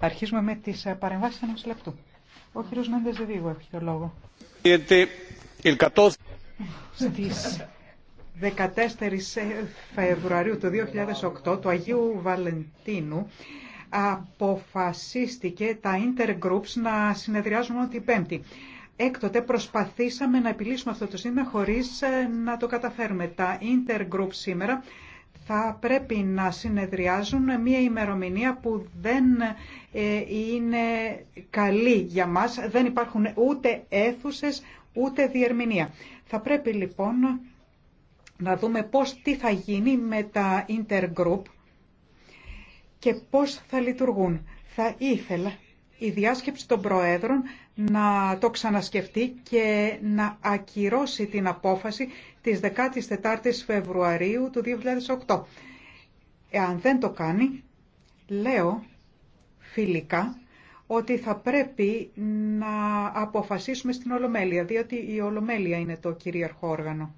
Αρχίζουμε με τις ε, παρεμβάσεις ενός λεπτού. Ο κύριος Μέντες Δεβίγου έχει το λόγο. Στις 14 ε, Φεβρουαρίου του 2008 του Αγίου Βαλεντίνου αποφασίστηκε τα intergroups να συνεδριάζουν μόνο την Πέμπτη. Έκτοτε προσπαθήσαμε να επιλύσουμε αυτό το σύνδεμα χωρίς ε, να το καταφέρουμε. Τα intergroup σήμερα θα πρέπει να συνεδριάζουν μια ημερομηνία που δεν ε, είναι καλή για μας. Δεν υπάρχουν ούτε αίθουσες, ούτε διερμηνία. Θα πρέπει λοιπόν να δούμε πώς τι θα γίνει με τα intergroup και πώς θα λειτουργούν. Θα ήθελα η διάσκεψη των Προέδρων να το ξανασκεφτεί και να ακυρώσει την απόφαση της 14ης Φεβρουαρίου του 2008. Εάν δεν το κάνει, λέω φιλικά ότι θα πρέπει να αποφασίσουμε στην Ολομέλεια, διότι η Ολομέλεια είναι το κυρίαρχο όργανο.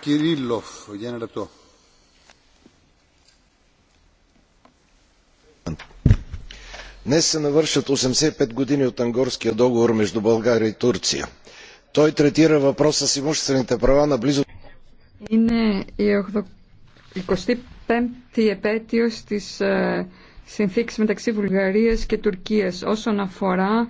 Κυρίλοφ, για ένα λεπτό. Днес се навършват 85 години от Ангорския договор между България и Турция. Той третира въпроса с имуществените права на близо... Είναι η 25η επέτειος της συνθήκης μεταξύ Βουλγαρίας και Τουρκίας όσον αφορά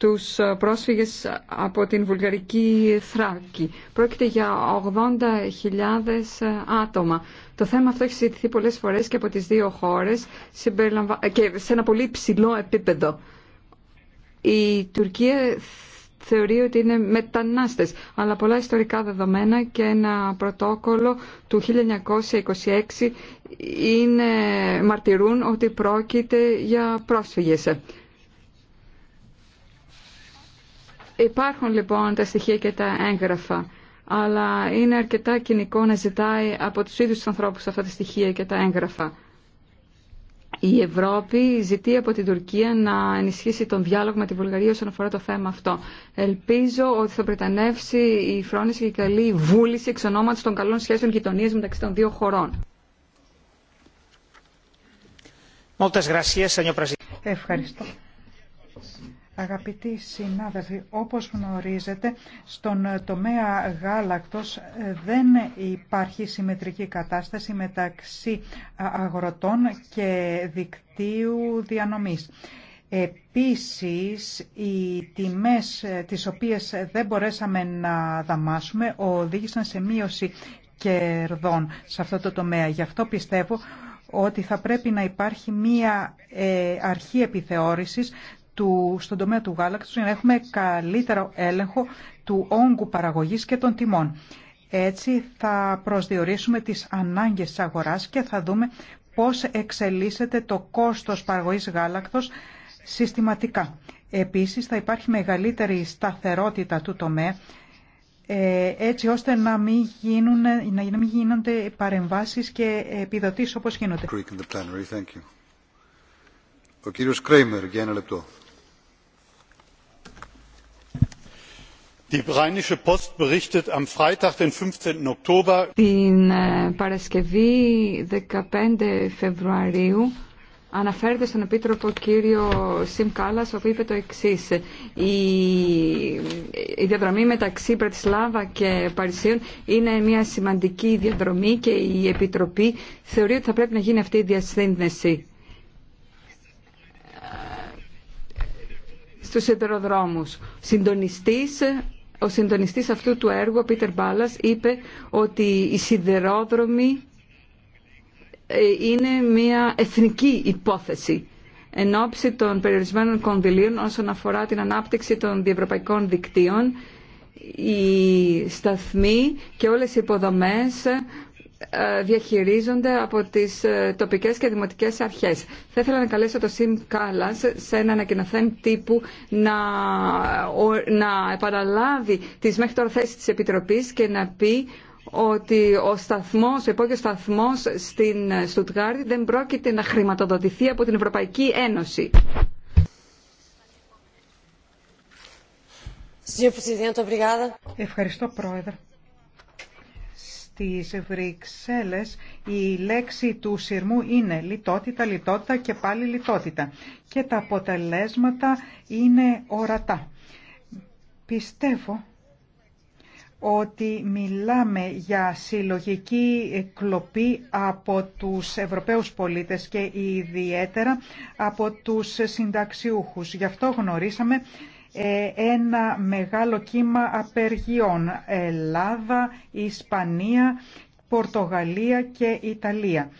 τους ε, πρόσφυγες από την Βουλγαρική Θράκη. Πρόκειται για 80.000 ε, άτομα. Το θέμα αυτό έχει συζητηθεί πολλές φορές και από τις δύο χώρες ε, και σε ένα πολύ ψηλό επίπεδο. Η Τουρκία θεωρεί ότι είναι μετανάστες, αλλά πολλά ιστορικά δεδομένα και ένα πρωτόκολλο του 1926 είναι, μαρτυρούν ότι πρόκειται για πρόσφυγες. Υπάρχουν λοιπόν τα στοιχεία και τα έγγραφα, αλλά είναι αρκετά κοινικό να ζητάει από τους ίδιους τους ανθρώπους αυτά τα στοιχεία και τα έγγραφα. Η Ευρώπη ζητεί από την Τουρκία να ενισχύσει τον διάλογο με τη Βουλγαρία όσον αφορά το θέμα αυτό. Ελπίζω ότι θα πρετανεύσει η φρόνηση και η καλή βούληση εξ ονόματος των καλών σχέσεων γειτονία μεταξύ των δύο χωρών. Ευχαριστώ. Αγαπητοί συνάδελφοι, όπως γνωρίζετε, στον τομέα γάλακτος δεν υπάρχει συμμετρική κατάσταση μεταξύ αγροτών και δικτύου διανομής. Επίσης, οι τιμές τις οποίες δεν μπορέσαμε να δαμάσουμε οδήγησαν σε μείωση κερδών σε αυτό το τομέα. Γι' αυτό πιστεύω ότι θα πρέπει να υπάρχει μία ε, αρχή επιθεώρησης στον τομέα του γάλακτος για να έχουμε καλύτερο έλεγχο του όγκου παραγωγής και των τιμών. Έτσι θα προσδιορίσουμε τις ανάγκες της αγοράς και θα δούμε πώς εξελίσσεται το κόστος παραγωγής γάλακτος συστηματικά. Επίσης θα υπάρχει μεγαλύτερη σταθερότητα του τομέα ε, έτσι ώστε να μην, γίνουν, να μην γίνονται παρεμβάσεις και επιδοτήσεις όπως γίνονται. Ο κύριος Κρέιμερ για ένα λεπτό. Την ε, Παρασκευή 15 Φεβρουαρίου αναφέρεται στον Επίτροπο κύριο Σιμ Κάλλας, ο είπε το εξή. Η, διαδρομή μεταξύ Πρατισλάβα και Παρισίων είναι μια σημαντική διαδρομή και η Επιτροπή θεωρεί ότι θα πρέπει να γίνει αυτή η διασύνδεση. Ε, στους ετεροδρόμους, Συντονιστής ο συντονιστής αυτού του έργου, ο Πίτερ Μπάλας, είπε ότι η σιδερόδρομη ε, είναι μια εθνική υπόθεση εν ώψη των περιορισμένων κονδυλίων όσον αφορά την ανάπτυξη των διευρωπαϊκών δικτύων οι σταθμοί και όλες οι υποδομές ε, διαχειρίζονται από τις ε, τοπικές και δημοτικές αρχές. Θα ήθελα να καλέσω το ΣΥΜ ΚΑΛΑΣ σε ένα ανακοινωθέν τύπου να, να επαναλάβει τις μέχρι τώρα θέσεις της Επιτροπής και να πει ότι ο σταθμός, ο σταθμός στην Στουτγάρδη δεν πρόκειται να χρηματοδοτηθεί από την Ευρωπαϊκή Ένωση. Ευχαριστώ, Πρόεδρε στις Βρυξέλλες η λέξη του σειρμού είναι λιτότητα, λιτότητα και πάλι λιτότητα. Και τα αποτελέσματα είναι ορατά. Πιστεύω ότι μιλάμε για συλλογική κλοπή από τους Ευρωπαίους πολίτες και ιδιαίτερα από τους συνταξιούχους. Γι' αυτό γνωρίσαμε ε, ένα μεγάλο κύμα απεργιών. Ελλάδα, Ισπανία, Πορτογαλία και Ιταλία.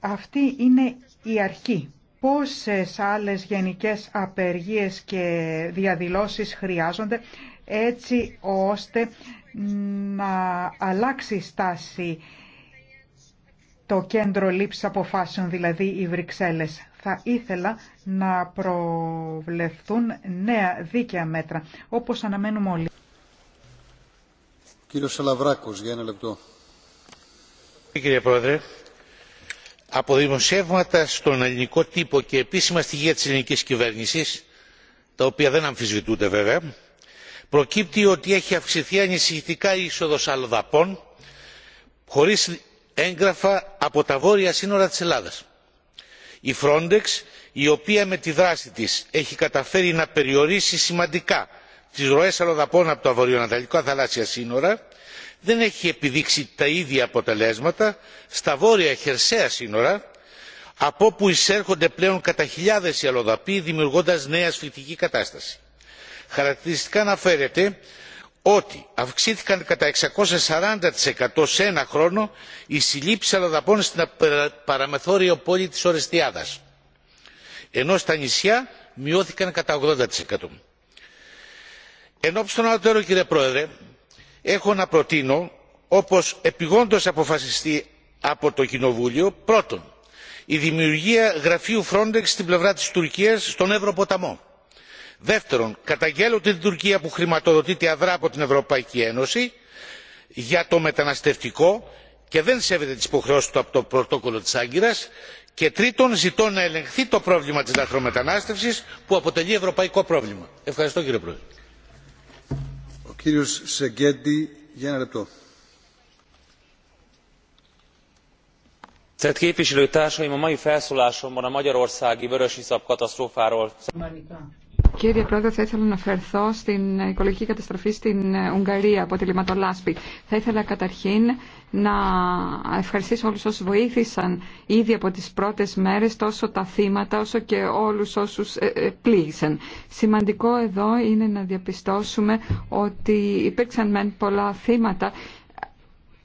Αυτή είναι η αρχή. Πόσες άλλες γενικές απεργίες και διαδηλώσεις χρειάζονται έτσι ώστε να αλλάξει στάση το κέντρο λήψη αποφάσεων, δηλαδή οι Βρυξέλλες. Θα ήθελα να προβλεφθούν νέα δίκαια μέτρα, όπως αναμένουμε όλοι. Κύριος Σαλαβράκος, για ένα λεπτό. Κύριε Πρόεδρε, από δημοσιεύματα στον ελληνικό τύπο και επίσημα στοιχεία της ελληνικής κυβέρνησης, τα οποία δεν αμφισβητούνται βέβαια, προκύπτει ότι έχει αυξηθεί ανησυχητικά η είσοδος αλλοδαπών, χωρίς έγγραφα από τα βόρεια σύνορα της ελλάδας. η frontex η οποία με τη δράση της έχει καταφέρει να περιορίσει σημαντικά τις ροές αλλοδαπών από τα βορειοανατολικά θαλάσσια σύνορα δεν έχει επιδείξει τα ίδια αποτελέσματα στα βόρεια χερσαία σύνορα από όπου εισέρχονται πλέον κατά χιλιάδες οι αλλοδαποί δημιουργώντας νέα ασφυκτική κατάσταση. χαρακτηριστικά αναφέρεται ότι αυξήθηκαν κατά 640% σε ένα χρόνο οι συλλήψεις αλλοδαπών στην παραμεθόριο πόλη της Ορεστιάδας, ενώ στα νησιά μειώθηκαν κατά 80%. Εν των ανωτέρων, κύριε Πρόεδρε, έχω να προτείνω, όπως επιγόντως αποφασιστεί από το Κοινοβούλιο, πρώτον, η δημιουργία γραφείου Frontex στην πλευρά της Τουρκίας στον Ευρωποταμό δεύτερον καταγγέλλω την τουρκία που χρηματοδοτείται αδρά από την ευρωπαϊκή ένωση για το μεταναστευτικό και δεν σέβεται τις υποχρεώσεις του από το πρωτόκολλο της άγκυρας και τρίτον ζητώ να ελεγχθεί το πρόβλημα της λαθρομετανάστευσης που αποτελεί ευρωπαϊκό πρόβλημα. ευχαριστώ κύριε πρόεδρε. Ο κύριος Σεγγέντη, για ένα λεπτό. a mai Κύριε Πρόεδρε, θα ήθελα να φερθώ στην οικολογική καταστροφή στην Ουγγαρία από τη Λιματολάσπη. Θα ήθελα καταρχήν να ευχαριστήσω όλους όσους βοήθησαν ήδη από τις πρώτες μέρες τόσο τα θύματα όσο και όλους όσους ε, ε, πλήγησαν. Σημαντικό εδώ είναι να διαπιστώσουμε ότι υπήρξαν μεν πολλά θύματα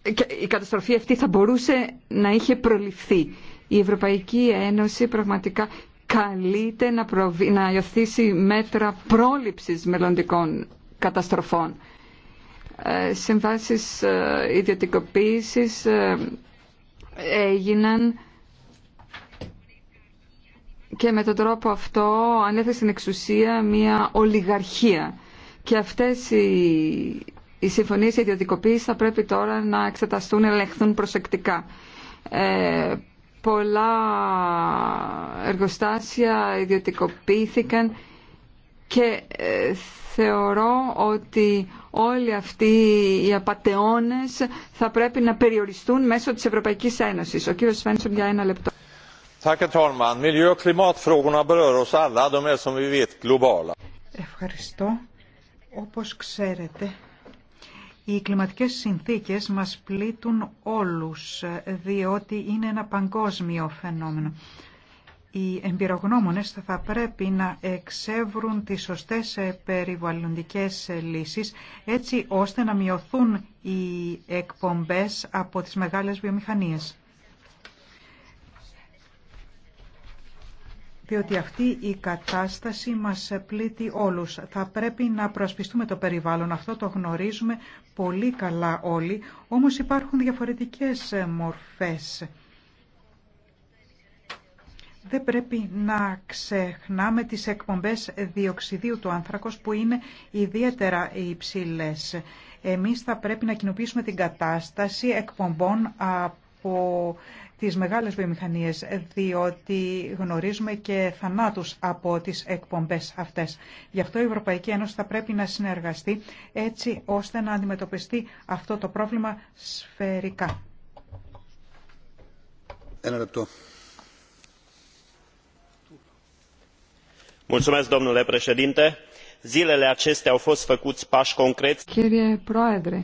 και η καταστροφή αυτή θα μπορούσε να είχε προληφθεί. Η Ευρωπαϊκή Ένωση πραγματικά καλείται να, να υιοθήσει μέτρα πρόληψης μελλοντικών καταστροφών. Ε, συμβάσεις ε, ιδιωτικοποίησης ε, έγιναν και με τον τρόπο αυτό ανέφερε στην εξουσία μια ολιγαρχία. Και αυτές οι, οι συμφωνίες ιδιωτικοποίησης θα πρέπει τώρα να εξεταστούν, ελεγχθούν προσεκτικά πολλά εργοστάσια ιδιωτικοποιήθηκαν και ε, θεωρώ ότι όλοι αυτοί οι απατεώνες θα πρέπει να περιοριστούν μέσω της Ευρωπαϊκής Ένωσης. Ο κύριος Σφένσον για ένα λεπτό. Ευχαριστώ. Όπως ξέρετε, οι κλιματικές συνθήκες μας πλήττουν όλους, διότι είναι ένα παγκόσμιο φαινόμενο. Οι εμπειρογνώμονες θα πρέπει να εξεύρουν τις σωστές περιβαλλοντικές λύσεις, έτσι ώστε να μειωθούν οι εκπομπές από τις μεγάλες βιομηχανίες. διότι αυτή η κατάσταση μας πλήττει όλους. Θα πρέπει να προασπιστούμε το περιβάλλον, αυτό το γνωρίζουμε πολύ καλά όλοι, όμως υπάρχουν διαφορετικές ε, μορφές. Δεν πρέπει να ξεχνάμε τις εκπομπές διοξιδίου του άνθρακος που είναι ιδιαίτερα υψηλές. Εμείς θα πρέπει να κοινοποιήσουμε την κατάσταση εκπομπών από τις μεγάλες βιομηχανίες, διότι γνωρίζουμε και θανάτους από τις εκπομπές αυτές. Γι' αυτό η Ευρωπαϊκή Ένωση θα πρέπει να συνεργαστεί έτσι ώστε να αντιμετωπιστεί αυτό το πρόβλημα σφαιρικά. Ένα λεπτό. Κύριε Πρόεδρε,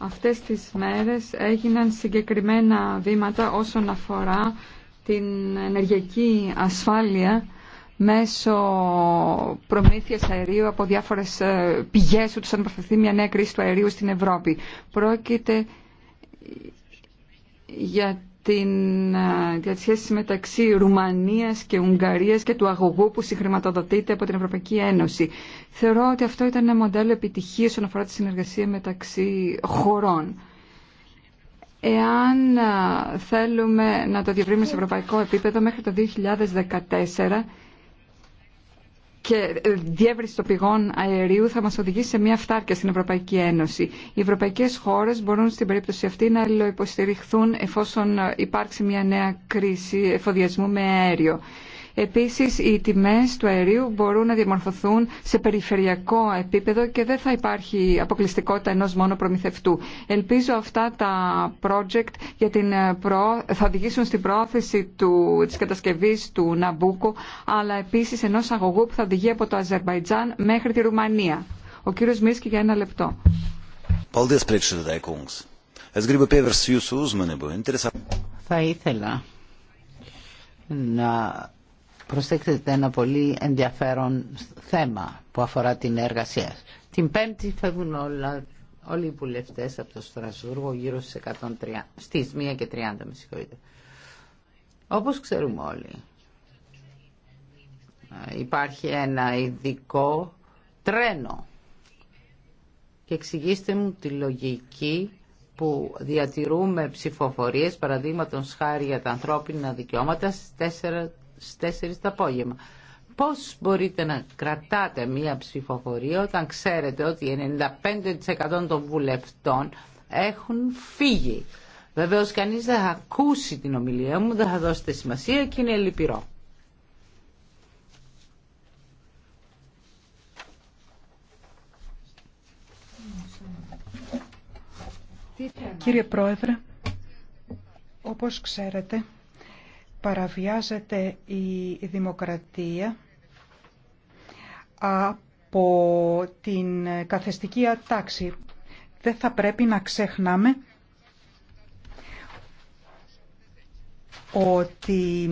Αυτές τις μέρες έγιναν συγκεκριμένα βήματα όσον αφορά την ενεργειακή ασφάλεια μέσω προμήθειας αερίου από διάφορες ε, πηγές ούτως αν μια νέα κρίση του αερίου στην Ευρώπη. Πρόκειται για την, για μεταξύ Ρουμανίας και Ουγγαρίας και του αγωγού που συγχρηματοδοτείται από την Ευρωπαϊκή Ένωση. Θεωρώ ότι αυτό ήταν ένα μοντέλο επιτυχίας όσον αφορά τη συνεργασία μεταξύ χωρών. Εάν θέλουμε να το διευρύνουμε σε ευρωπαϊκό επίπεδο μέχρι το 2014, και ε, διεύρυνση των πηγών αερίου θα μας οδηγήσει σε μια φτάρκια στην Ευρωπαϊκή Ένωση. Οι ευρωπαϊκές χώρες μπορούν στην περίπτωση αυτή να αλληλοϊποστηριχθούν εφόσον ε, υπάρξει μια νέα κρίση εφοδιασμού με αέριο. Επίσης, οι τιμές του αερίου μπορούν να διαμορφωθούν σε περιφερειακό επίπεδο και δεν θα υπάρχει αποκλειστικότητα ενός μόνο προμηθευτού. Ελπίζω αυτά τα project για την ε, θα οδηγήσουν στην πρόθεση του... της κατασκευής του Ναμπούκου, αλλά επίσης ενός αγωγού που θα οδηγεί από το Αζερβαϊτζάν μέχρι τη Ρουμανία. Ο κύριος Μίσκι για ένα λεπτό. Θα ήθελα να προσέξτε ένα πολύ ενδιαφέρον θέμα που αφορά την εργασία. Την Πέμπτη φεύγουν όλα, όλοι οι βουλευτέ από το Στρασβούργο γύρω στι 130, στι 1 και 30 με συγχωρείτε. Όπως ξέρουμε όλοι, υπάρχει ένα ειδικό τρένο και εξηγήστε μου τη λογική που διατηρούμε ψηφοφορίες παραδείγματος χάρη για τα ανθρώπινα δικαιώματα στις 4 στις 4 το απόγευμα. Πώς μπορείτε να κρατάτε μία ψηφοφορία όταν ξέρετε ότι 95% των βουλευτών έχουν φύγει. Βεβαίω, κανείς δεν θα ακούσει την ομιλία μου, δεν θα δώσετε σημασία και είναι λυπηρό. Κύριε Πρόεδρε, όπως ξέρετε, παραβιάζεται η δημοκρατία από την καθεστική τάξη. Δεν θα πρέπει να ξεχνάμε ότι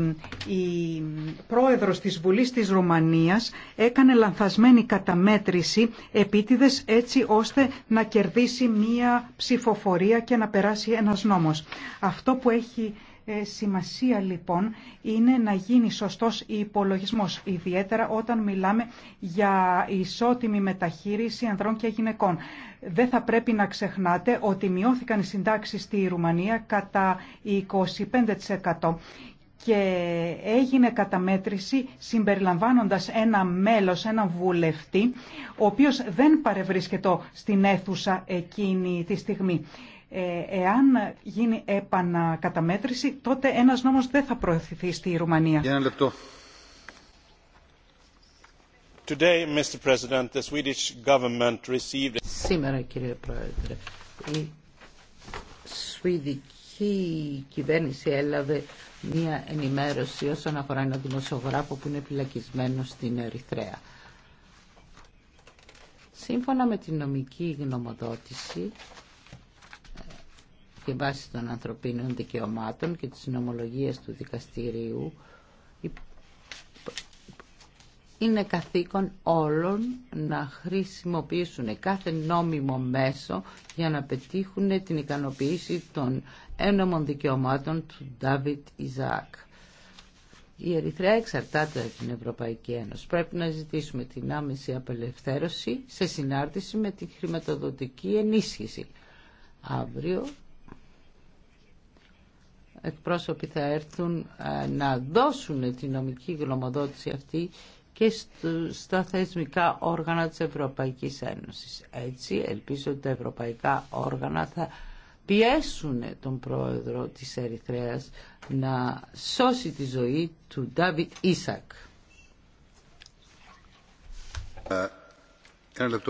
η πρόεδρος της Βουλής της Ρουμανίας έκανε λανθασμένη καταμέτρηση επίτηδες έτσι ώστε να κερδίσει μία ψηφοφορία και να περάσει ένας νόμος. Αυτό που έχει ε, σημασία λοιπόν είναι να γίνει σωστός υπολογισμός, ιδιαίτερα όταν μιλάμε για ισότιμη μεταχείριση ανδρών και γυναικών. Δεν θα πρέπει να ξεχνάτε ότι μειώθηκαν οι συντάξεις στη Ρουμανία κατά 25% και έγινε καταμέτρηση συμπεριλαμβάνοντας ένα μέλος, ένα βουλευτή, ο οποίος δεν παρευρίσκεται στην αίθουσα εκείνη τη στιγμή. Ε, εάν γίνει επανακαταμέτρηση, τότε ένας νόμος δεν θα προωθηθεί στη Ρουμανία. Για ένα λεπτό. Σήμερα, κύριε Πρόεδρε, η σουηδική κυβέρνηση έλαβε μία ενημέρωση όσον αφορά ένα δημοσιογράφο που είναι φυλακισμένο στην Ερυθρέα. Σύμφωνα με την νομική γνωμοδότηση, και βάση των ανθρωπίνων δικαιωμάτων και της νομολογίας του δικαστηρίου είναι καθήκον όλων να χρησιμοποιήσουν κάθε νόμιμο μέσο για να πετύχουν την ικανοποίηση των ένομων δικαιωμάτων του Ντάβιτ Ιζάκ. Η Ερυθρέα εξαρτάται από την Ευρωπαϊκή Ένωση. Πρέπει να ζητήσουμε την άμεση απελευθέρωση σε συνάρτηση με την χρηματοδοτική ενίσχυση. Αύριο εκπρόσωποι θα έρθουν να δώσουν την νομική γνωμοδότηση αυτή και στα θεσμικά όργανα της Ευρωπαϊκής Ένωσης. Έτσι, ελπίζω ότι τα ευρωπαϊκά όργανα θα πιέσουν τον πρόεδρο της Ερυθρέας να σώσει τη ζωή του Ντάβιτ Ίσακ. Ε, ένα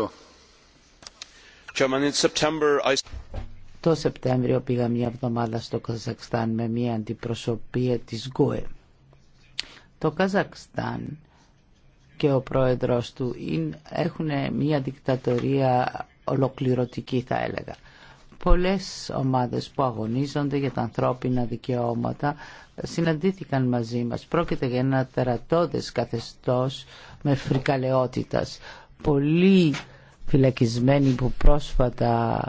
το Σεπτέμβριο πήγα μια εβδομάδα στο Καζακστάν με μια αντιπροσωπεία της ΓΟΕ. Το Καζακστάν και ο πρόεδρος του έχουν μια δικτατορία ολοκληρωτική θα έλεγα. Πολλές ομάδες που αγωνίζονται για τα ανθρώπινα δικαιώματα συναντήθηκαν μαζί μας. Πρόκειται για ένα τερατώδες καθεστώς με φρικαλαιότητας. Πολλοί φυλακισμένοι που πρόσφατα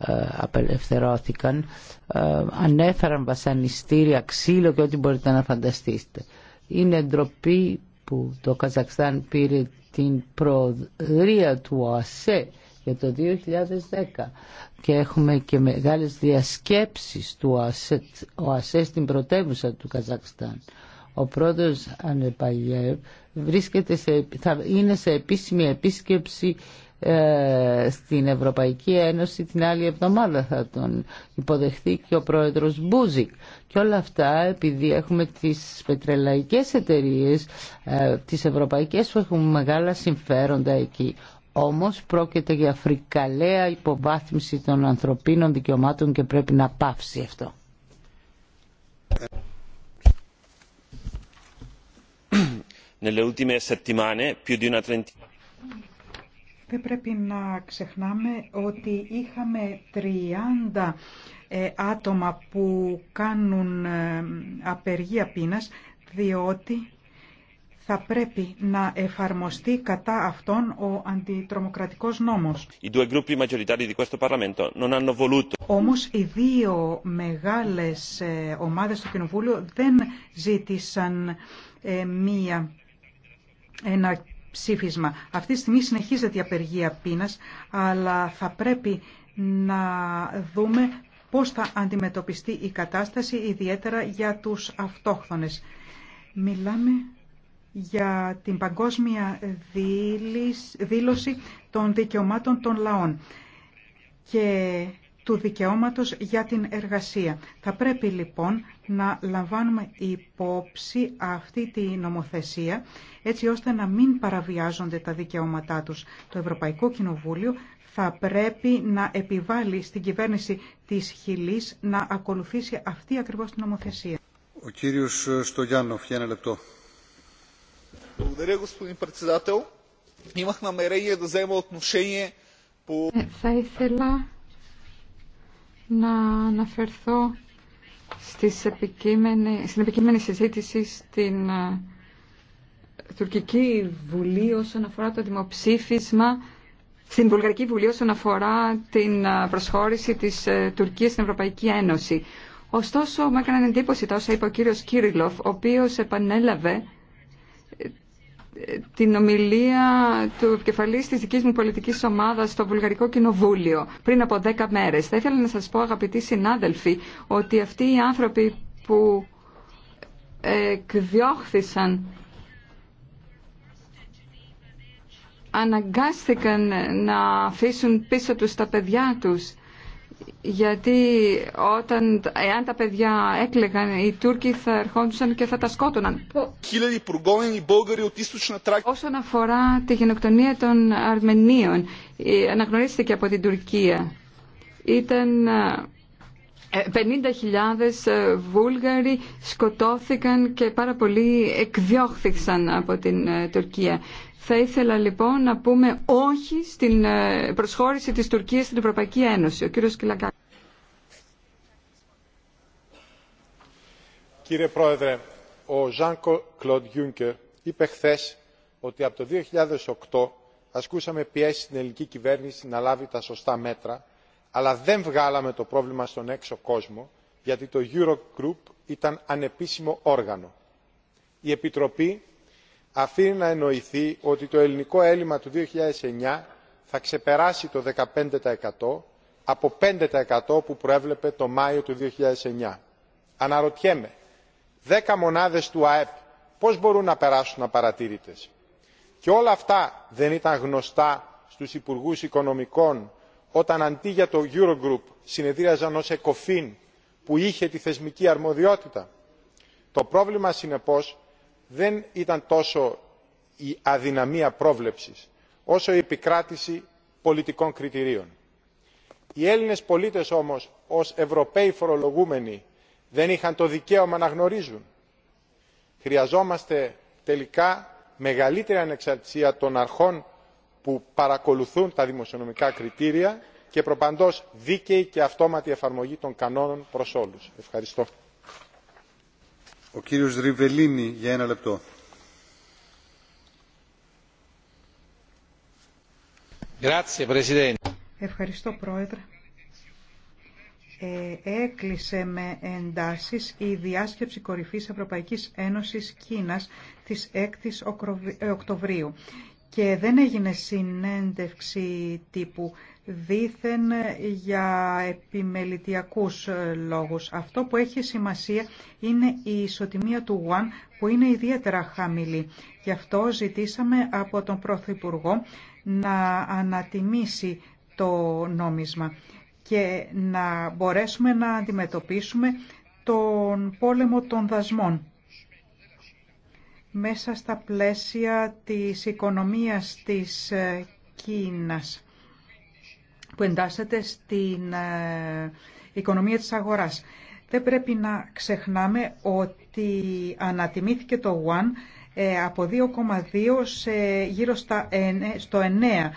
ε, απελευθερώθηκαν ε, ανέφεραν βασανιστήρια, ξύλο και ό,τι μπορείτε να φανταστείτε. Είναι ντροπή που το Καζακστάν πήρε την πρόδρια του ΟΑΣΕ για το 2010 και έχουμε και μεγάλες διασκέψεις του ΟΑΣΕ, στην πρωτεύουσα του Καζακστάν. Ο πρόεδρος Ανεπαγιεύ βρίσκεται σε, θα είναι σε επίσημη επίσκεψη ε, στην Ευρωπαϊκή Ένωση την άλλη εβδομάδα θα τον υποδεχθεί και ο πρόεδρος Μπούζικ και όλα αυτά επειδή έχουμε τις πετρελαϊκές εταιρείες ε, τις ευρωπαϊκές που έχουν μεγάλα συμφέροντα εκεί όμως πρόκειται για φρικαλαία υποβάθμιση των ανθρωπίνων δικαιωμάτων και πρέπει να πάψει αυτό Nelle ultime settimane δεν πρέπει να ξεχνάμε ότι είχαμε 30 ε, άτομα που κάνουν ε, απεργία πείνας διότι θα πρέπει να εφαρμοστεί κατά αυτόν ο αντιτρομοκρατικός νόμος. Όμως οι δύο μεγάλες ε, ομάδες του Κοινοβούλιο δεν ζήτησαν μία ένα ψήφισμα. Αυτή τη στιγμή συνεχίζεται η απεργία πείνας, αλλά θα πρέπει να δούμε πώς θα αντιμετωπιστεί η κατάσταση, ιδιαίτερα για τους αυτόχθονες. Μιλάμε για την παγκόσμια δήλωση των δικαιωμάτων των λαών. Και του δικαιώματος για την εργασία. Θα πρέπει λοιπόν να λαμβάνουμε υπόψη αυτή τη νομοθεσία έτσι ώστε να μην παραβιάζονται τα δικαιώματά τους. Το Ευρωπαϊκό Κοινοβούλιο θα πρέπει να επιβάλλει στην κυβέρνηση της Χιλής να ακολουθήσει αυτή ακριβώς την νομοθεσία. Ο κύριος Στογιάννοφ, για ένα λεπτό. Θα ήθελα να αναφερθώ στις επικείμενη, στην επικείμενη συζήτηση στην ε, Τουρκική Βουλή όσον αφορά το δημοψήφισμα στην Βουλγαρική Βουλή όσον αφορά την ε, προσχώρηση της ε, Τουρκίας στην Ευρωπαϊκή Ένωση. Ωστόσο, μου έκαναν εντύπωση τα όσα είπε ο κύριος Κύριλοφ, ο οποίος επανέλαβε την ομιλία του επικεφαλής της δικής μου πολιτικής ομάδας στο Βουλγαρικό Κοινοβούλιο πριν από δέκα μέρες. Θα ήθελα να σας πω αγαπητοί συνάδελφοι ότι αυτοί οι άνθρωποι που εκδιώχθησαν αναγκάστηκαν να αφήσουν πίσω τους τα παιδιά τους γιατί όταν, εάν τα παιδιά έκλεγαν, οι Τούρκοι θα ερχόντουσαν και θα τα σκότωναν. Όσον αφορά τη γενοκτονία των Αρμενίων, αναγνωρίστηκε από την Τουρκία. Ήταν 50.000 ε, ε, Βούλγαροι σκοτώθηκαν και πάρα πολλοί εκδιώχθηκαν από την ε, Τουρκία. Θα ήθελα λοιπόν να πούμε όχι στην προσχώρηση της Τουρκίας στην Ευρωπαϊκή Ένωση. Ο κύριος Κύριε Πρόεδρε, ο Ζαν Κλοντ Γιούνκερ είπε χθε ότι από το 2008 ασκούσαμε πιέσει στην ελληνική κυβέρνηση να λάβει τα σωστά μέτρα αλλά δεν βγάλαμε το πρόβλημα στον έξω κόσμο γιατί το eurogroup ήταν ανεπίσημο όργανο. η επιτροπή αφήνει να εννοηθεί ότι το ελληνικό έλλειμμα του 2009 θα ξεπεράσει το 15% από 5% που προέβλεπε το μάιο του 2009. αναρωτιέμαι δέκα μονάδες του αεπ πώς μπορούν να περάσουν απαρατήρητες; και όλα αυτά δεν ήταν γνωστά στους υπουργούς οικονομικών όταν αντί για το eurogroup συνεδρίαζαν ως ecofin που είχε τη θεσμική αρμοδιότητα. το πρόβλημα συνεπώς δεν ήταν τόσο η αδυναμία πρόβλεψης όσο η επικράτηση πολιτικών κριτηρίων. οι έλληνες πολίτες όμως ως ευρωπαίοι φορολογούμενοι δεν είχαν το δικαίωμα να γνωρίζουν. χρειαζόμαστε τελικά μεγαλύτερη ανεξαρτησία των αρχών που παρακολουθούν τα δημοσιονομικά κριτήρια και προπαντός δίκαιη και αυτόματη εφαρμογή των κανόνων προς όλους. Ευχαριστώ. Ο για ένα λεπτό. Ευχαριστώ Πρόεδρε. Ε, έκλεισε με εντάσεις η διάσκεψη κορυφής Ευρωπαϊκής Ένωσης Κίνας της 6ης Οκτωβρίου και δεν έγινε συνέντευξη τύπου δήθεν για επιμελητιακούς ε, λόγους. Αυτό που έχει σημασία είναι η ισοτιμία του ΟΑΝ που είναι ιδιαίτερα χαμηλή. Γι' αυτό ζητήσαμε από τον Πρωθυπουργό να ανατιμήσει το νόμισμα και να μπορέσουμε να αντιμετωπίσουμε τον πόλεμο των δασμών μέσα στα πλαίσια της οικονομίας της ε, Κίνας που εντάσσεται στην ε, οικονομία της αγοράς. Δεν πρέπει να ξεχνάμε ότι ανατιμήθηκε το Οάν ε, από 2,2 σε γύρω στα, στο 9,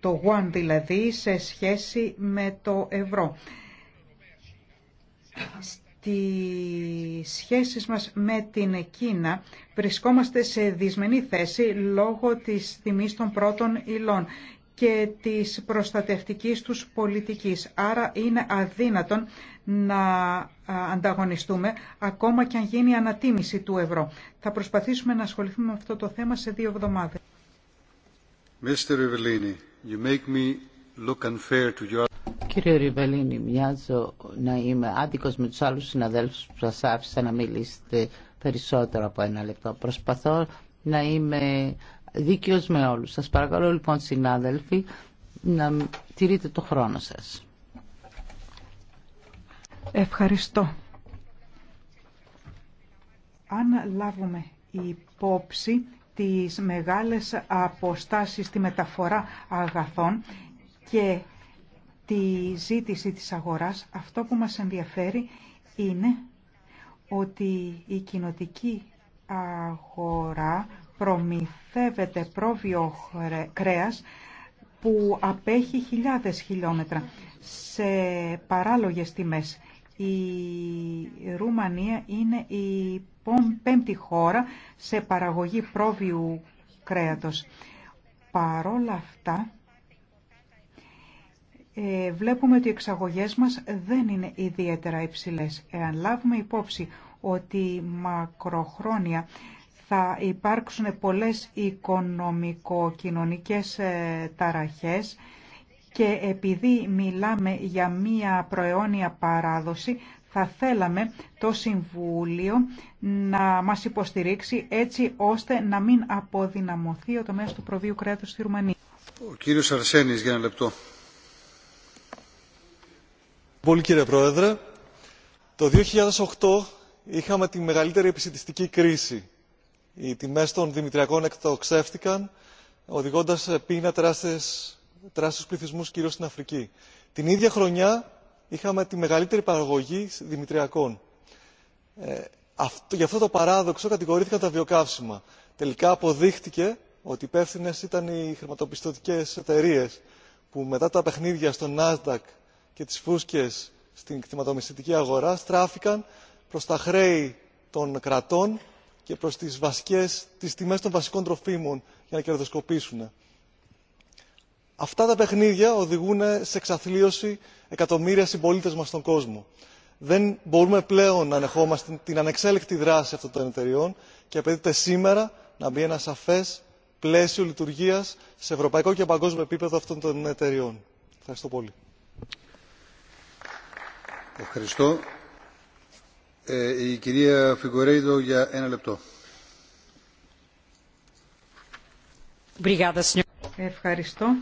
το Οάν δηλαδή, σε σχέση με το ευρώ τις σχέσεις μας με την Κίνα βρισκόμαστε σε δυσμενή θέση λόγω της τιμή των πρώτων υλών και της προστατευτικής τους πολιτικής. Άρα είναι αδύνατον να ανταγωνιστούμε ακόμα και αν γίνει ανατίμηση του ευρώ. Θα προσπαθήσουμε να ασχοληθούμε με αυτό το θέμα σε δύο εβδομάδες. Mr. Rivellini, you make me look unfair to Κύριε Ριβελίνη, μοιάζω να είμαι άδικο με τους άλλους συναδέλφου. που σα άφησα να μιλήσετε περισσότερο από ένα λεπτό. Προσπαθώ να είμαι δίκαιο με όλους. Σας παρακαλώ λοιπόν συνάδελφοι να τηρείτε το χρόνο σας. Ευχαριστώ. Αν λάβουμε υπόψη τις μεγάλες αποστάσεις στη μεταφορά αγαθών και τη ζήτηση της αγοράς, αυτό που μας ενδιαφέρει είναι ότι η κοινοτική αγορά προμηθεύεται πρόβιο κρέας που απέχει χιλιάδες χιλιόμετρα σε παράλογες τιμές. Η Ρουμανία είναι η πέμπτη χώρα σε παραγωγή πρόβιου κρέατος. Παρόλα αυτά, ε, βλέπουμε ότι οι εξαγωγές μας δεν είναι ιδιαίτερα υψηλές. Εάν λάβουμε υπόψη ότι μακροχρόνια θα υπάρξουν πολλές οικονομικο-κοινωνικές ε, ταραχές και επειδή μιλάμε για μία προαιώνια παράδοση, θα θέλαμε το Συμβούλιο να μας υποστηρίξει έτσι ώστε να μην αποδυναμωθεί ο τομέας του προβίου κρέατος στη Ρουμανία. Ο κύριος Αρσένης για ένα λεπτό κύριε πρόεδρε το 2008 είχαμε τη μεγαλύτερη επιστημιστική κρίση. Οι τιμές των δημητριακών εκτοξεύτηκαν οδηγώντας σε πείνα τεράστιους πληθυσμούς κυρίως στην Αφρική. Την ίδια χρονιά είχαμε τη μεγαλύτερη παραγωγή δημητριακών. Ε, γι' αυτό το παράδοξο κατηγορήθηκαν τα βιοκαύσιμα. Τελικά αποδείχτηκε ότι υπεύθυνε ήταν οι χρηματοπιστωτικές εταιρείε που μετά τα παιχνίδια στο Nasdaq και τις φούσκες στην κτηματομεσητική αγορά στράφηκαν προς τα χρέη των κρατών και προς τις, βασικές, τις τιμές των βασικών τροφίμων για να κερδοσκοπήσουν. Αυτά τα παιχνίδια οδηγούν σε εξαθλίωση εκατομμύρια συμπολίτε μας στον κόσμο. Δεν μπορούμε πλέον να ανεχόμαστε την ανεξέλεκτη δράση αυτών των εταιριών και απαιτείται σήμερα να μπει ένα σαφές πλαίσιο λειτουργίας σε ευρωπαϊκό και παγκόσμιο επίπεδο αυτών των εταιριών. Ευχαριστώ πολύ. Ευχαριστώ. Ε, η κυρία Φιγκορέιδο για ένα λεπτό. Ευχαριστώ.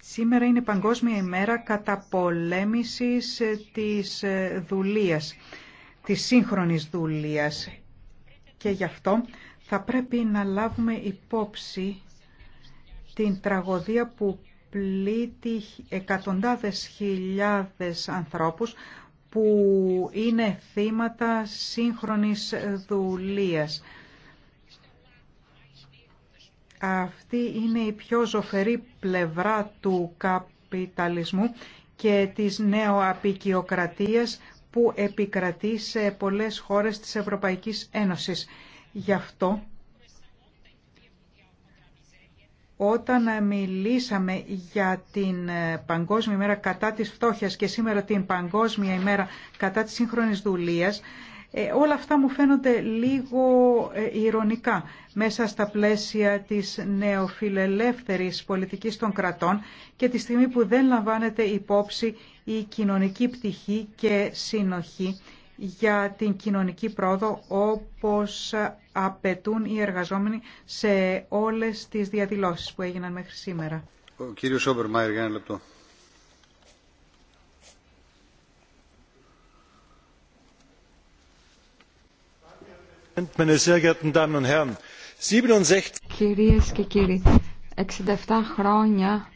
Σήμερα είναι Παγκόσμια ημέρα πολέμησης ε, της ε, δουλείας, της σύγχρονης δουλείας. Και γι' αυτό θα πρέπει να λάβουμε υπόψη την τραγωδία που πλήττει εκατοντάδες χιλιάδες ανθρώπους που είναι θύματα σύγχρονης δουλείας. Αυτή είναι η πιο ζωφερή πλευρά του καπιταλισμού και της νεοαπικιοκρατίας που επικρατεί σε πολλές χώρες της Ευρωπαϊκής Ένωσης. Γι' αυτό όταν μιλήσαμε για την ε, Παγκόσμια ημέρα κατά της φτώχειας και σήμερα την Παγκόσμια ημέρα κατά της σύγχρονης δουλείας, ε, όλα αυτά μου φαίνονται λίγο ε, ηρωνικά μέσα στα πλαίσια της νεοφιλελεύθερης πολιτικής των κρατών και τη στιγμή που δεν λαμβάνεται υπόψη η κοινωνική πτυχή και συνοχή για την κοινωνική πρόοδο όπως απαιτούν οι εργαζόμενοι σε όλες τις διαδηλώσεις που έγιναν μέχρι σήμερα. Ο κύριος για ένα λεπτό. Κυρίες και κύριοι, 67 χρόνια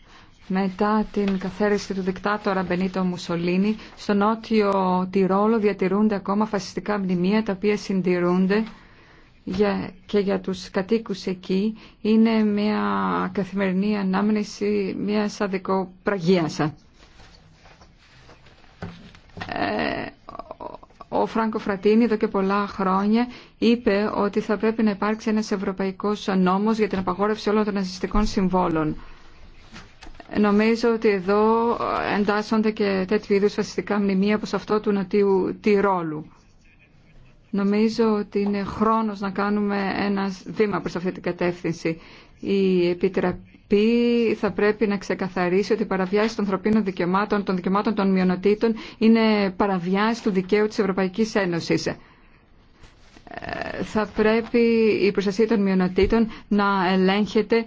μετά την καθαίρεση του δικτάτορα Μπενίτο Μουσολίνη, στο νότιο Τυρόλο διατηρούνται ακόμα φασιστικά μνημεία τα οποία συντηρούνται για, και για τους κατοίκους εκεί είναι μια καθημερινή ανάμνηση μια αδικοπραγίας. Ε, ο Φράνκο Φρατίνη εδώ και πολλά χρόνια είπε ότι θα πρέπει να υπάρξει ένας ευρωπαϊκός νόμος για την απαγόρευση όλων των ναζιστικών συμβόλων. Νομίζω ότι εδώ εντάσσονται και τέτοιου είδου φασιστικά μνημεία όπως αυτό του Νοτιού Τυρόλου. Νομίζω ότι είναι χρόνος να κάνουμε ένα βήμα προς αυτή την κατεύθυνση. Η Επιτραπή θα πρέπει να ξεκαθαρίσει ότι η παραβιάση των ανθρωπίνων δικαιωμάτων, των δικαιωμάτων των μειονοτήτων, είναι παραβιάση του δικαίου της Ευρωπαϊκής Ένωσης ε, θα πρέπει η προστασία των μειονοτήτων να ελέγχεται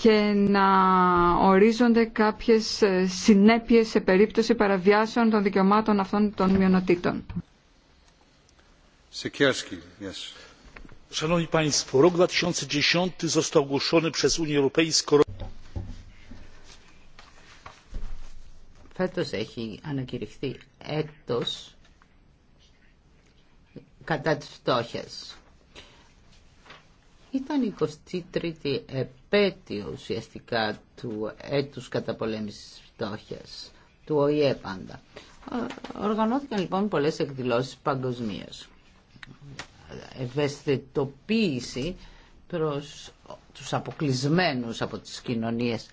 και να ορίζονται κάποιες ε, συνέπειες σε περίπτωση παραβιάσεων των δικαιωμάτων αυτών των μειονοτήτων. Yes. Φέτος έχει ανακηρυχθεί έτος κατά της φτώχειας. Ήταν η 23η επέτειο ουσιαστικά του έτους καταπολέμησης φτώχειας, του ΟΗΕ πάντα. Οργανώθηκαν λοιπόν πολλές εκδηλώσεις παγκοσμίω. Ευαισθητοποίηση προς τους αποκλεισμένους από τις κοινωνίες.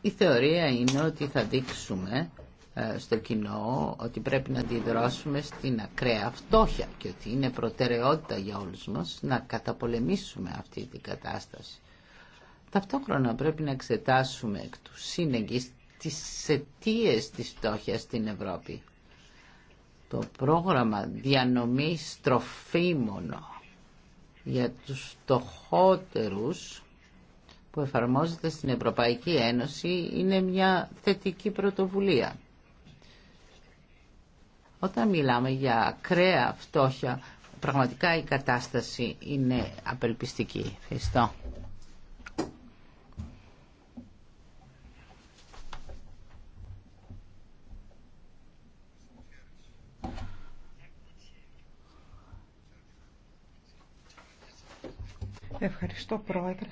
Η θεωρία είναι ότι θα δείξουμε ε, στο κοινό ότι πρέπει να αντιδράσουμε στην ακραία φτώχεια και ότι είναι προτεραιότητα για όλους μας να καταπολεμήσουμε αυτή την κατάσταση. Ταυτόχρονα πρέπει να εξετάσουμε εκ του σύνεγγυς τις αιτίε της φτώχειας στην Ευρώπη. Το πρόγραμμα διανομής τροφίμων για τους φτωχότερους που εφαρμόζεται στην Ευρωπαϊκή Ένωση είναι μια θετική πρωτοβουλία. Όταν μιλάμε για ακραία φτώχεια, πραγματικά η κατάσταση είναι απελπιστική. Ευχαριστώ. Ευχαριστώ, Πρόεδρε.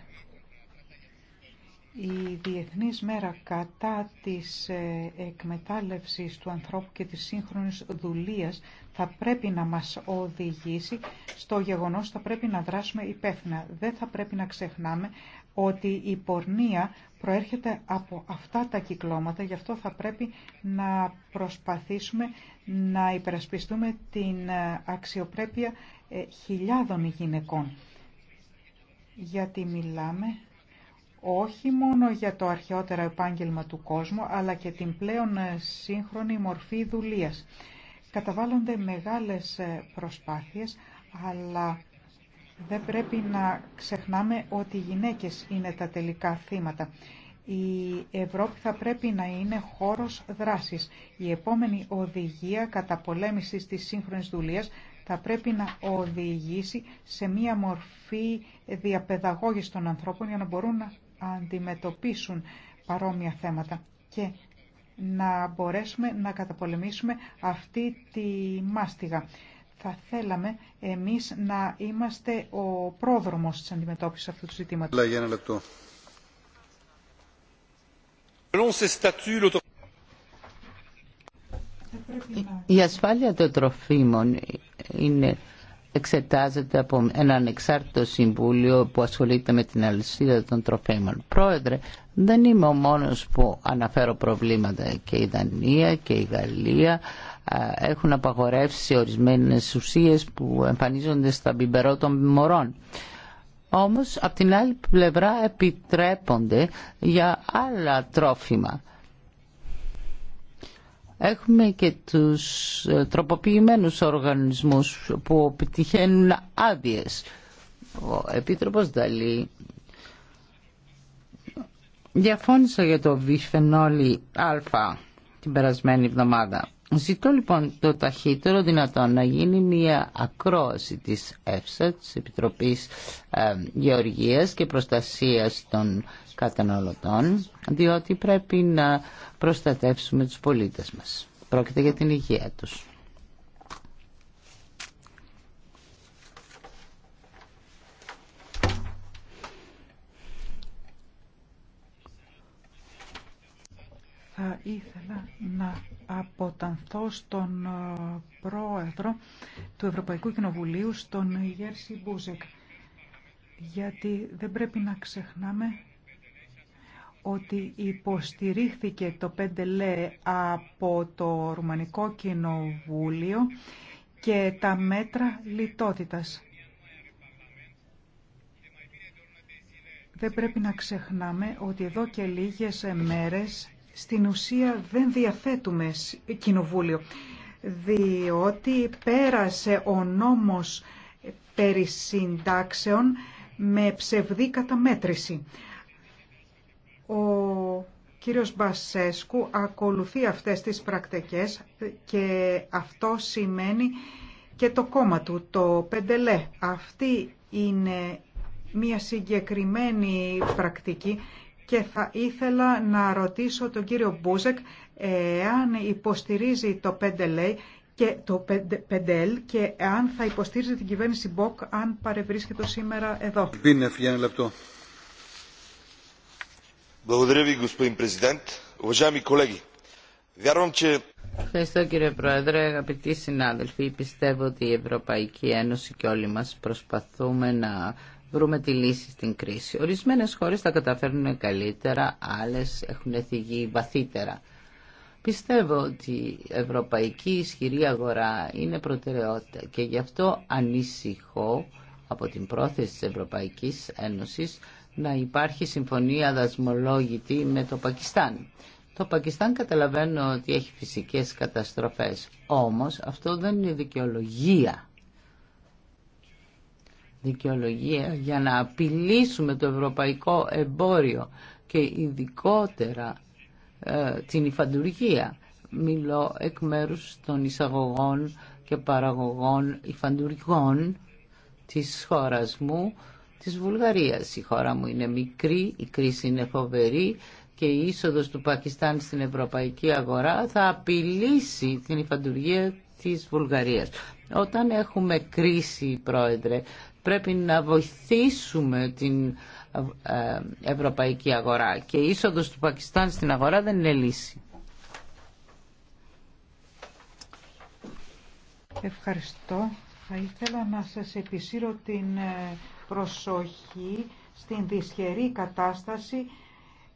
Η Διεθνής Μέρα κατά της ε, εκμετάλλευσης του ανθρώπου και της σύγχρονης δουλείας θα πρέπει να μας οδηγήσει στο γεγονός θα πρέπει να δράσουμε υπεύθυνα. Δεν θα πρέπει να ξεχνάμε ότι η πορνεία προέρχεται από αυτά τα κυκλώματα, γι' αυτό θα πρέπει να προσπαθήσουμε να υπερασπιστούμε την ε, αξιοπρέπεια ε, χιλιάδων γυναικών. Γιατί μιλάμε όχι μόνο για το αρχαιότερο επάγγελμα του κόσμου, αλλά και την πλέον ε, σύγχρονη μορφή δουλείας. Καταβάλλονται μεγάλες ε, προσπάθειες, αλλά δεν πρέπει να ξεχνάμε ότι οι γυναίκες είναι τα τελικά θύματα. Η Ευρώπη θα πρέπει να είναι χώρος δράσης. Η επόμενη οδηγία κατά πολέμηση της σύγχρονης δουλείας θα πρέπει να οδηγήσει σε μία μορφή διαπαιδαγώγηση των ανθρώπων για να μπορούν να αντιμετωπίσουν παρόμοια θέματα και να μπορέσουμε να καταπολεμήσουμε αυτή τη μάστιγα. Θα θέλαμε εμείς να είμαστε ο πρόδρομος της αντιμετώπισης αυτού του ζητήματος. ένα λεπτό. Η ασφάλεια των τροφίμων είναι εξετάζεται από έναν ανεξάρτητο συμβούλιο που ασχολείται με την αλυσίδα των τροφίμων. Πρόεδρε, δεν είμαι ο μόνος που αναφέρω προβλήματα και η Δανία και η Γαλλία έχουν απαγορεύσει ορισμένες ουσίες που εμφανίζονται στα μπιμπερό των μωρών. Όμως, από την άλλη πλευρά επιτρέπονται για άλλα τρόφιμα Έχουμε και τους ε, τροποποιημένους οργανισμούς που επιτυχαίνουν άδειε. Ο Επίτροπος Δαλή διαφώνησε για το βιφενόλι α την περασμένη εβδομάδα. Ζητώ λοιπόν το ταχύτερο δυνατόν να γίνει μια ακρόαση της ΕΦΣΑ, της Επιτροπής ε, Γεωργίας και Προστασίας των Καταναλωτών, διότι πρέπει να προστατεύσουμε τους πολίτες μας. Πρόκειται για την υγεία τους. Θα ήθελα να από αποτανθώ στον ε, πρόεδρο του Ευρωπαϊκού Κοινοβουλίου, στον Γέρση Μπούζεκ. Γιατί δεν πρέπει να ξεχνάμε ότι υποστηρίχθηκε το 5 λέ από το Ρουμανικό Κοινοβούλιο και τα μέτρα λιτότητας. Δεν πρέπει να ξεχνάμε ότι εδώ και λίγες μέρες στην ουσία δεν διαθέτουμε κοινοβούλιο, διότι πέρασε ο νόμος περί συντάξεων με ψευδή καταμέτρηση. Ο κύριος Μπασέσκου ακολουθεί αυτές τις πρακτικές και αυτό σημαίνει και το κόμμα του, το πεντελέ. Αυτή είναι μια συγκεκριμένη πρακτική και θα ήθελα να ρωτήσω τον κύριο Μπούζεκ εάν υποστηρίζει το 5L και, το 5 και αν θα υποστηρίζει την κυβέρνηση Μποκ αν παρευρίσκεται σήμερα εδώ. ένα λεπτό. Ευχαριστώ κύριε Πρόεδρε, αγαπητοί συνάδελφοι. Πιστεύω ότι η Ευρωπαϊκή Ένωση και όλοι μας προσπαθούμε να βρούμε τη λύση στην κρίση. Ορισμένες χώρες τα καταφέρνουν καλύτερα, άλλες έχουν θυγεί βαθύτερα. Πιστεύω ότι η ευρωπαϊκή ισχυρή αγορά είναι προτεραιότητα και γι' αυτό ανησυχώ από την πρόθεση της Ευρωπαϊκής Ένωσης να υπάρχει συμφωνία δασμολόγητη με το Πακιστάν. Το Πακιστάν καταλαβαίνω ότι έχει φυσικές καταστροφές, όμως αυτό δεν είναι δικαιολογία δικαιολογία για να απειλήσουμε το ευρωπαϊκό εμπόριο και ειδικότερα ε, την υφαντουργία. Μιλώ εκ μέρους των εισαγωγών και παραγωγών υφαντουργών της χώρας μου, της Βουλγαρίας. Η χώρα μου είναι μικρή, η κρίση είναι φοβερή και η είσοδος του Πακιστάν στην ευρωπαϊκή αγορά θα απειλήσει την υφαντουργία της Βουλγαρίας. Όταν έχουμε κρίση, Πρόεδρε, Πρέπει να βοηθήσουμε την ε, ε, ευρωπαϊκή αγορά και η είσοδος του Πακιστάν στην αγορά δεν είναι λύση. Ευχαριστώ. Θα ήθελα να σας επισύρω την ε, προσοχή στην δυσχερή κατάσταση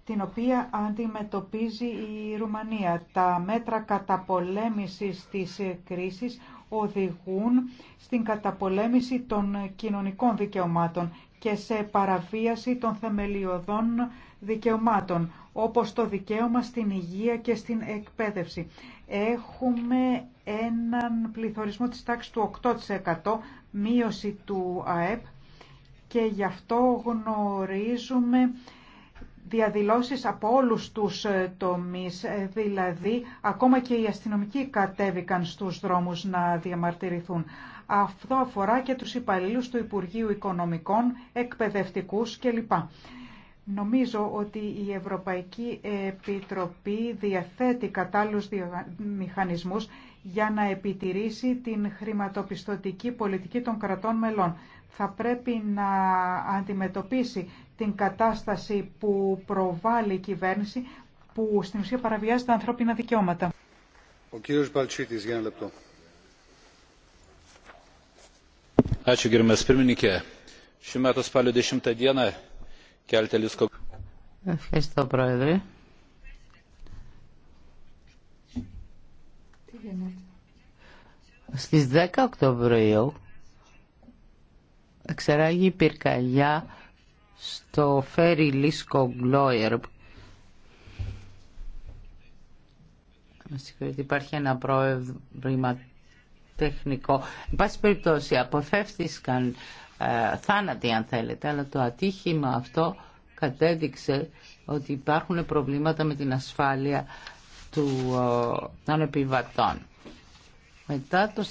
την οποία αντιμετωπίζει η Ρουμανία. Τα μέτρα καταπολέμησης της κρίσης οδηγούν στην καταπολέμηση των κοινωνικών δικαιωμάτων και σε παραβίαση των θεμελιωδών δικαιωμάτων, όπως το δικαίωμα στην υγεία και στην εκπαίδευση. Έχουμε έναν πληθωρισμό της τάξης του 8%, μείωση του ΑΕΠ και γι' αυτό γνωρίζουμε διαδηλώσεις από όλους τους ε, τομείς, ε, δηλαδή ακόμα και οι αστυνομικοί κατέβηκαν στους δρόμους να διαμαρτυρηθούν. Αυτό αφορά και τους υπαλλήλους του Υπουργείου Οικονομικών, εκπαιδευτικούς κλπ. Νομίζω ότι η Ευρωπαϊκή Επιτροπή διαθέτει κατάλληλους μηχανισμούς για να επιτηρήσει την χρηματοπιστωτική πολιτική των κρατών μελών. Θα πρέπει να αντιμετωπίσει την κατάσταση που προβάλλει η κυβέρνηση που στην ουσία παραβιάζει τα ανθρώπινα δικαιώματα. Ο κύριος Μπαλτσίτης, για ένα λεπτό. Ευχαριστώ, Πρόεδρε. Στις 10 Οκτωβρίου εξεράγει η πυρκαγιά στο Φέρι Λίσκο Γκλόιερ. Υπάρχει ένα πρόβλημα τεχνικό. Εν πάση περιπτώσει, αποφεύθηκαν ε, θάνατοι, αν θέλετε, αλλά το ατύχημα αυτό κατέδειξε ότι υπάρχουν προβλήματα με την ασφάλεια του, ε, των επιβατών. Μετά το,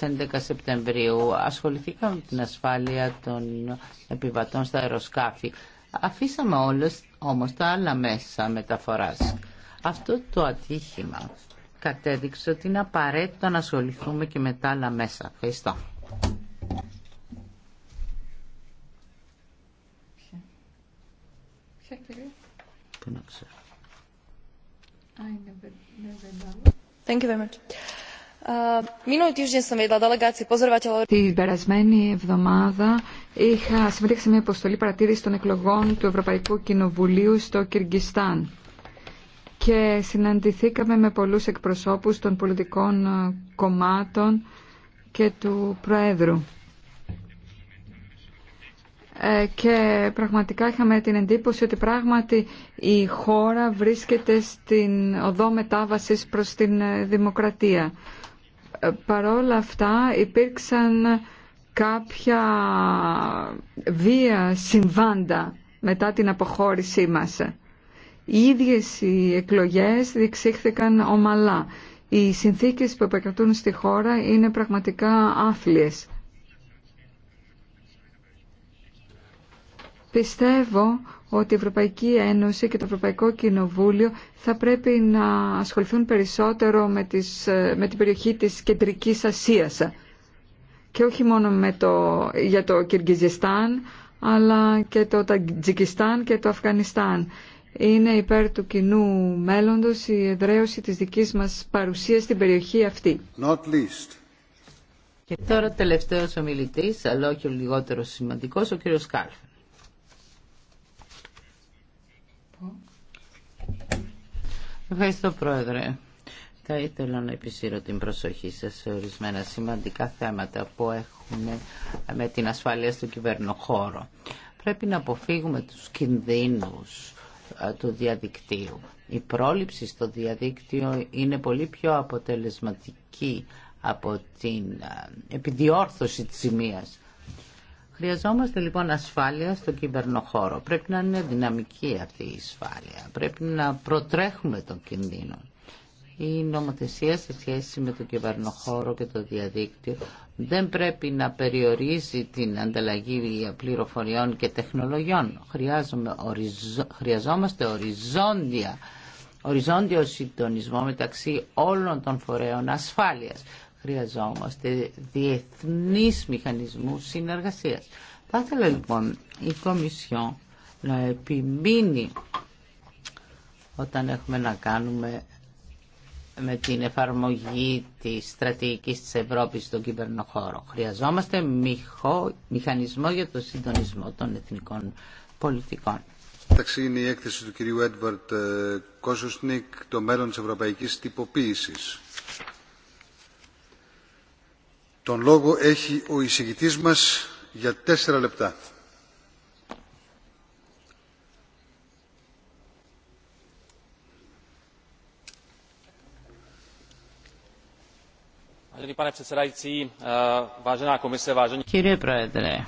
11 Σεπτεμβρίου ασχοληθήκαμε με την ασφάλεια των επιβατών στα αεροσκάφη. Αφήσαμε όλες όμως τα άλλα μέσα μεταφοράς. Αυτό το ατύχημα κατέδειξε ότι είναι απαραίτητο να ασχοληθούμε και με τα άλλα μέσα. Ευχαριστώ. Thank you very much. Ε, την περασμένη εβδομάδα είχα συμμετείχα σε μια αποστολή παρατήρηση των εκλογών του Ευρωπαϊκού Κοινοβουλίου στο Κυργιστάν και συναντηθήκαμε με πολλούς εκπροσώπους των πολιτικών ε, κομμάτων και του Προέδρου. Ε, και πραγματικά είχαμε την εντύπωση ότι πράγματι η χώρα βρίσκεται στην οδό μετάβασης προς την δημοκρατία παρόλα αυτά υπήρξαν κάποια βία συμβάντα μετά την αποχώρησή μας. Οι ίδιες οι εκλογές διεξήχθηκαν ομαλά. Οι συνθήκες που επικρατούν στη χώρα είναι πραγματικά άφλιες. Πιστεύω ότι η Ευρωπαϊκή Ένωση και το Ευρωπαϊκό Κοινοβούλιο θα πρέπει να ασχοληθούν περισσότερο με, την περιοχή της Κεντρικής Ασίας και όχι μόνο με το, για το Κυργιζιστάν αλλά και το Τατζικιστάν και το Αφγανιστάν. Είναι υπέρ του κοινού μέλλοντος η εδραίωση της δικής μας παρουσίας στην περιοχή αυτή. Not Και τώρα τελευταίος ομιλητής, αλλά όχι ο λιγότερο σημαντικός, ο κύριος Ευχαριστώ Πρόεδρε. Θα ήθελα να επισύρω την προσοχή σας σε ορισμένα σημαντικά θέματα που έχουμε με την ασφάλεια στο κυβερνοχώρο. Πρέπει να αποφύγουμε τους κινδύνους του διαδικτύου. Η πρόληψη στο διαδίκτυο είναι πολύ πιο αποτελεσματική από την επιδιόρθωση της σημείας. Χρειαζόμαστε λοιπόν ασφάλεια στο κυβερνοχώρο. Πρέπει να είναι δυναμική αυτή η ασφάλεια. Πρέπει να προτρέχουμε τον κινδύνο. Η νομοθεσία σε σχέση με το κυβερνοχώρο και το διαδίκτυο δεν πρέπει να περιορίζει την ανταλλαγή πληροφοριών και τεχνολογιών. Χρειαζόμαστε οριζόντια, οριζόντιο συντονισμό μεταξύ όλων των φορέων ασφάλειας. Χρειαζόμαστε διεθνείς μηχανισμούς συνεργασίας. Θα ήθελα λοιπόν η Κομισιό να επιμείνει όταν έχουμε να κάνουμε με την εφαρμογή της στρατηγικής της Ευρώπης στον κυβερνοχώρο. Χρειαζόμαστε μηχο, μηχανισμό για το συντονισμό των εθνικών πολιτικών. Εντάξει είναι η έκθεση του κυρίου Έντβαρτ ε, Κόσουσνικ, το μέλλον της ευρωπαϊκής τυποποίησης. Τον λόγο έχει ο εισηγητής μας για τέσσερα λεπτά. Eh, Κύριε Πρόεδρε,